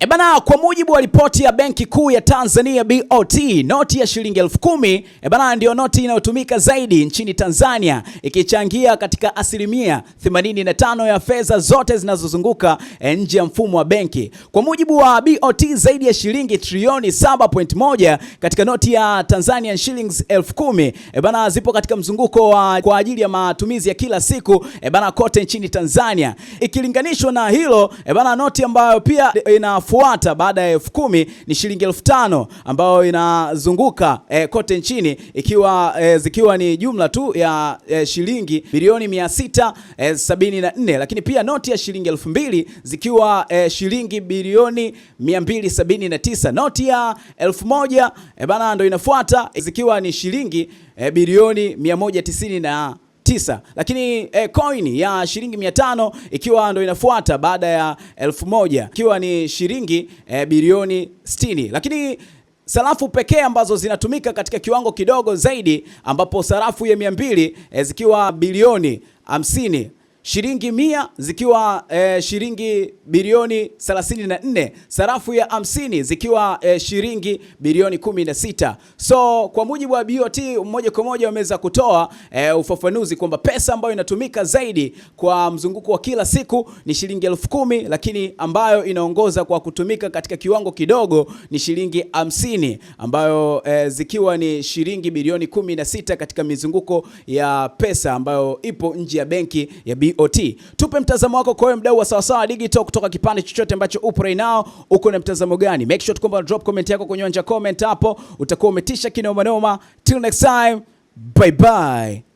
Ebana, kwa mujibu wa ripoti ya Benki Kuu ya Tanzania BOT, noti ya shilingi elfu kumi ebana ndiyo noti inayotumika zaidi nchini Tanzania ikichangia katika asilimia 85 ya fedha zote zinazozunguka e, nje ya mfumo wa benki. Kwa mujibu wa BOT, zaidi ya shilingi trilioni 7.1 katika noti ya Tanzania shillings elfu kumi ebana zipo katika mzunguko wa kwa ajili ya matumizi ya kila siku ebana kote nchini Tanzania ikilinganishwa na hilo ebana noti ambayo pia ina inafuata baada ya elfu kumi ni shilingi elfu tano ambayo inazunguka e, kote nchini ikiwa e, zikiwa ni jumla tu ya e, shilingi bilioni 674 e, lakini pia noti ya shilingi elfu mbili zikiwa e, shilingi bilioni 279. Noti ya elfu moja e, bana ndo inafuata zikiwa ni shilingi e, bilioni 190 na tisa. Lakini eh, coin ya shilingi mia tano ikiwa ndo inafuata baada ya elfu moja ikiwa ni shilingi eh, bilioni 60. Lakini sarafu pekee ambazo zinatumika katika kiwango kidogo zaidi ambapo sarafu ya mia mbili eh, zikiwa bilioni hamsini shilingi mia zikiwa e, shilingi bilioni 34, sarafu ya 50 zikiwa e, shilingi bilioni 16. So kwa mujibu wa BOT moja kwa moja wameweza kutoa e, ufafanuzi kwamba pesa ambayo inatumika zaidi kwa mzunguko wa kila siku ni shilingi elfu kumi, lakini ambayo inaongoza kwa kutumika katika kiwango kidogo ni shilingi 50 ambayo e, zikiwa ni shilingi bilioni 16 katika mizunguko ya pesa ambayo ipo nje ya benki ya BOT. BOT. Tupe mtazamo wako kwa mdau wa sawasawa digital kutoka kipande chochote ambacho upo right now, uko na mtazamo gani? Make sure tukomba drop comment yako kwenye anja comment hapo, utakuwa umetisha kinoma noma. Till next time, bye bye.